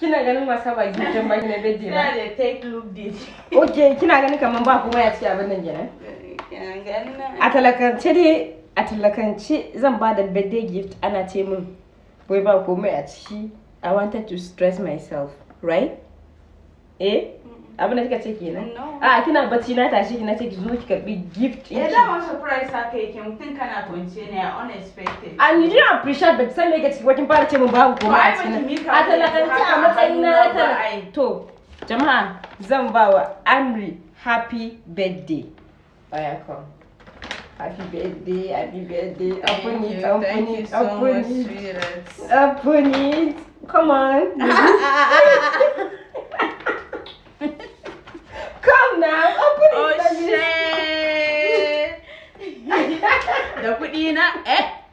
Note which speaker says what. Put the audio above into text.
Speaker 1: kina ganin wasa ba gidan ba na daje ba
Speaker 2: da take look this
Speaker 1: okay kina ganin kaman ba kuma ya ci abin nan
Speaker 2: kenan a
Speaker 1: talakance dai a talakance zan ba da birthday gift ana ce min wai ba komai a ciki i wanted to stress myself right eh abin da kika ce kenan a kina bacci na tashi kina ce ki zo ki karbi gift ɗin ya dama
Speaker 3: surprise haka yake mutum kana kwance ne unexpected
Speaker 1: and you don't appreciate but sai me yake ciki wakin fara ce mun babu komai a cikin
Speaker 3: a talakanci a matsayin na ta
Speaker 1: to jama'a zan ba wa amri happy birthday baya come Happy birthday, happy birthday. Open it, open it, open
Speaker 4: it. Open it. Come on.
Speaker 3: da kuɗi na eh